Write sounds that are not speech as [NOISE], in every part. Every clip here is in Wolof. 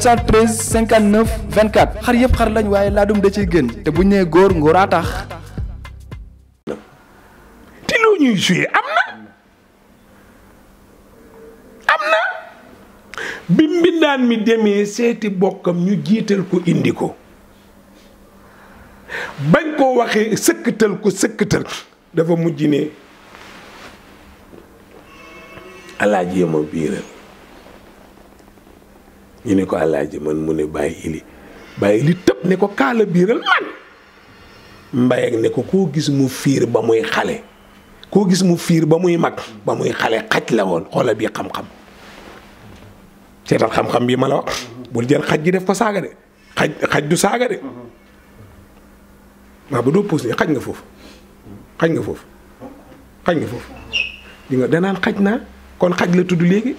713 59 24 xar yëpp xar lañ waaye laadum da ciy gën te bu ñu nee góor ngóoraa tax. te ñuy joué am na am na bi mbindaan mi demee seeti bokkam ñu jiital ko indi ko bañ koo waxee sëkkatal ko sëkkatal dafa mujj ne alaaji yema biiral ñu ne ko alaaji man mu ne bàyyi ili bàyyi ili tëb ne ko kaala biiral man mbayeg ne ko koo gis mu fiir ba muy xale koo gis mu fiir ba muy mag ba muy xale xaj la woon xoola bii xam-xam seetal xam-xam bii ma la wax bul jël xaj gi def ko saaga xaj xaj du saaga ba doo puus ni xaj nga foofu xaj nga foofu xaj nga foofu danaan xaj naa kon xaj la tudd léegi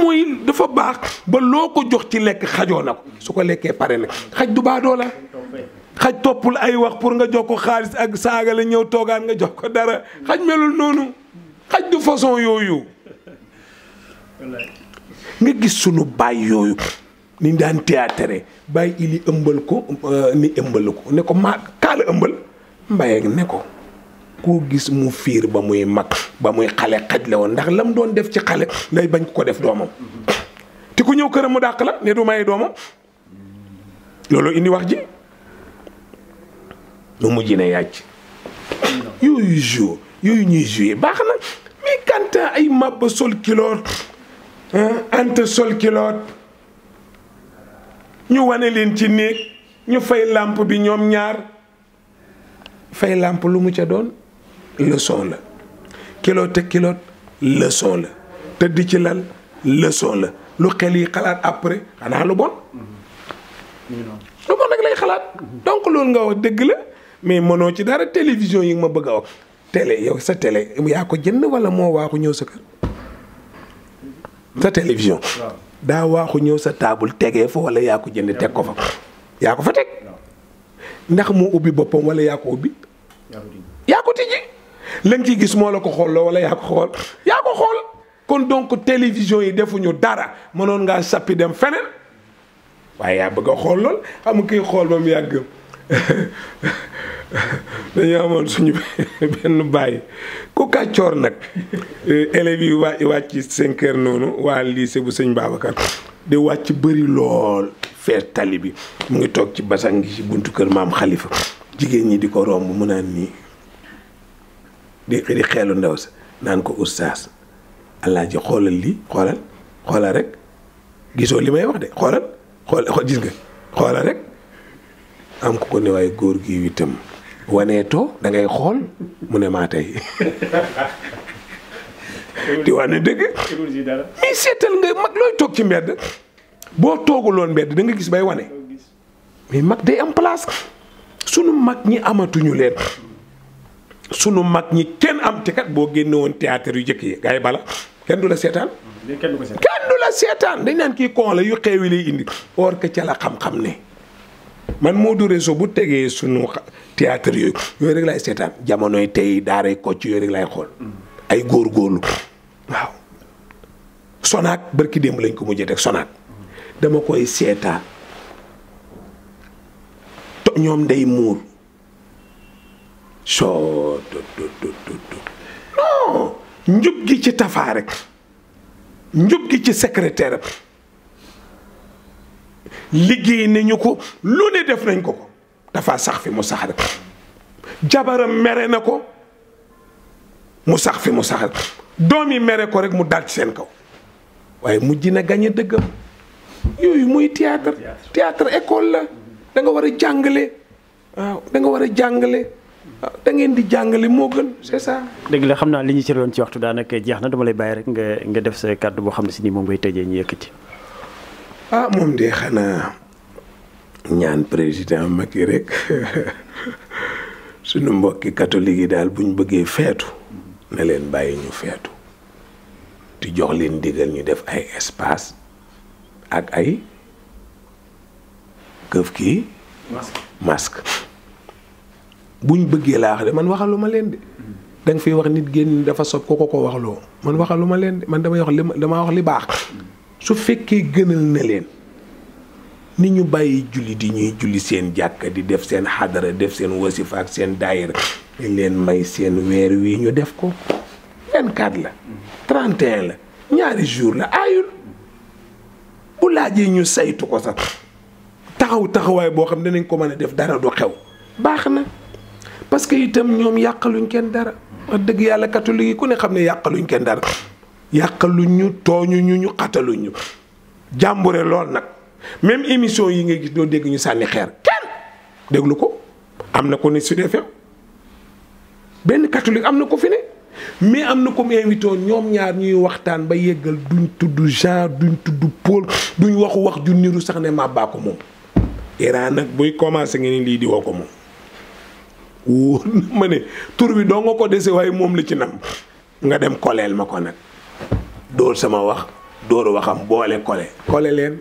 mooy dafa baax ba loo ko jox ci lekk xajoo na ko su ko lekkee pare na xaj du baadoo la xaj toppul ay wax pour nga jox ko xaalis ak saaga ñëw toogaan nga jox ko dara xaj melul noonu xaj du façon yooyu nga gis sunu baay yooyu ni daan théâtre bàyyi ili ëmbal ko euh, ni ëmbal ko ne ko maa kaal ëmbal mbayeg ne ko koo gis mu fiir ba muy mag ba muy xale xaj la woon ndax lam doon def ci xale lay bañ ko def doomam te ku ñëw këram mu dàq la ne du maye doomam loolu indi wax ji nu mujj a yàcc yooyu joué yooyu ñuy joué baax na mais quant ay mabba sol kiloot ante sol kiloot ñu wane leen ci néeg ñu fay làmp bi ñoom ñaar fay làmp lu mu ca doon leçon la kilo teg kilo leçon la tëdd ci lal leçon la lu xel yi xalaat après xanaa lu bon. lu bon rek lay xalaat. donc loolu nga wax dëgg la mais mënoo ci dara télévision yi ma bëgg a wax. télé yow sa télé yaa ko jënd wala moo waaxu ñëw sa kër. sa télévision. daa waaxu ñëw sa taabul tegee fa wala yaa ko jënd teg ko fa. yaa ko fa teg ndax mu ubbi boppam wala yaa ko ubbi. yaa ko tijji la nga ciy gis moo la ko xool la yaa ko xool yaa ko xool kon donc télévision yi defuñu dara mënoon ngaa sappi dem feneen waaye yaa bëgg a xool lool xam nga kiy yàgg [LAUGHS] dañu amoon suñu [LAUGHS] nag eh, élèves yi wàcc cinq heures noonu waa lycée bu sëñ Babacar di wàcc bëri lool fees tali bi mu ngi toog ci basang gi ci buntu kër maam xalifa jigéen ñi di ko romb mu naan nii di di xeelu ndaw sa naan ko oustaz allah ji xoolal lii xoolal xoolal rek gisoo li may wax de xoolal xool gis nga xoolal rek am ko ko ne góor gi itam waneetoo da ngay xool mu ne maa tey di wane dëgg mais seetal nga mag looy toog ci mbedd boo toogu tooguloon mbedd da nga gis bay wane mais mag day am place sunu mag ñi amatuñu leen sunu mag ñi kenn am ti kat boo génnewoon woon théâtre yu jëkk yi gars bala kenn du la seetaan. kenn du la seetaan dañ naan kii kon la yu xeewi lay indi. or que ca la xam-xam ne man moo du Resso bu tegee sunu théâtre yooyu yooyu rek laay seetaan jamonoy tey daaray Kocc yooyu rek laay xool. Mm. ay góorgóorlu waaw. sonaat barki démb lañ ko mujjee teg sonaat mm. dama koy seetaan to ñoom day muur. soo tut tut tut tut non njub gi ci tafaa rek njub gi ci secrétaire liggéey nañu ko lu ne def nañ ko ko dafa sax fi mu sax rek jabaram mere na ko mu sax fi mu sax rek doom yi mere ko rek mu dal ci seen kaw waaye mujj na gañe dëggam yooyu muy théâtre théâtre école la danga war a jàngale waaw da war a jàngale waaw ah, ngeen di jàngale moo gën c'est ça. dëgg la xam naa li ñu ci doon ci waxtu daanaka jeex na dama lay bàyyi rek nga nga def sa kàddu boo xam ne si nii moom ngay tëjee ñu yëkkati. ah moom de xanaa ñaan président Macky rek [LAUGHS] suñu mbokki catholique yi daal buñ bëggee feetu na leen bàyyi ñu feetu di jox leen digal ñu def ay espace ak ay këf kii masque. bu ñu bëggee laa wax de man waxalu ma leen de. Mm. da nga fiy wax nit génn dafa sob ko ko ko waxloo man waxaluma leen de man damay wax li damaa wax li baax. Mm. su fekkee gënal na leen ni ñu bàyyi julli di ñuy julli seen jàkka di def seen xadara def seen wasifa ak seen daayira dañ leen may seen weer wi ñu def ko. 24 la. 31 la ñaari jour la aayul bu laajee ñu saytu ko sax taxaw taxawaay boo xam ne danañ ko mën a def dara du xew baax na. parce que itam ñoom yàqaluñ kenn dara dëgg yàlla catholique yi ku ne xam ne yàqaluñ kenn dara yàqaluñ ñu tooñu ñu ñu xataluñ ñu jàmbure lool nag même émission yi nga gis doo dégg ñu sànni xeer kenn déglu ko am na ko ne Sud FM benn catholique am na ko fi ne mais am na ko mu invité woon ñoom ñaar ñuy waxtaan ba yeggal duñ tudd Jean duñ tudd Paul duñ waxu wax ju niru sax ne ma baa ko moom Iran nag buy commencé ngeen lii di woo ko moom wóor na ma ne tur bi doo nga ko dese waaye moom la ci nam nga dem koleel ma ko nag dóor sama wax dóor waxam boole kole kole leen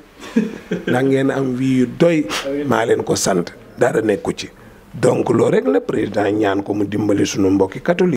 ndax ngeen am wii yu doy maa leen ko sant dara nekku ci donc loolu rek la président ñaan ko mu dimbali sunu mbokki catholique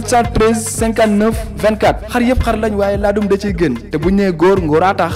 713 vingt 24 xar yëpp xar lañ waaye laa dum da ciy gën te bu ñu nee góor ngóoraa tax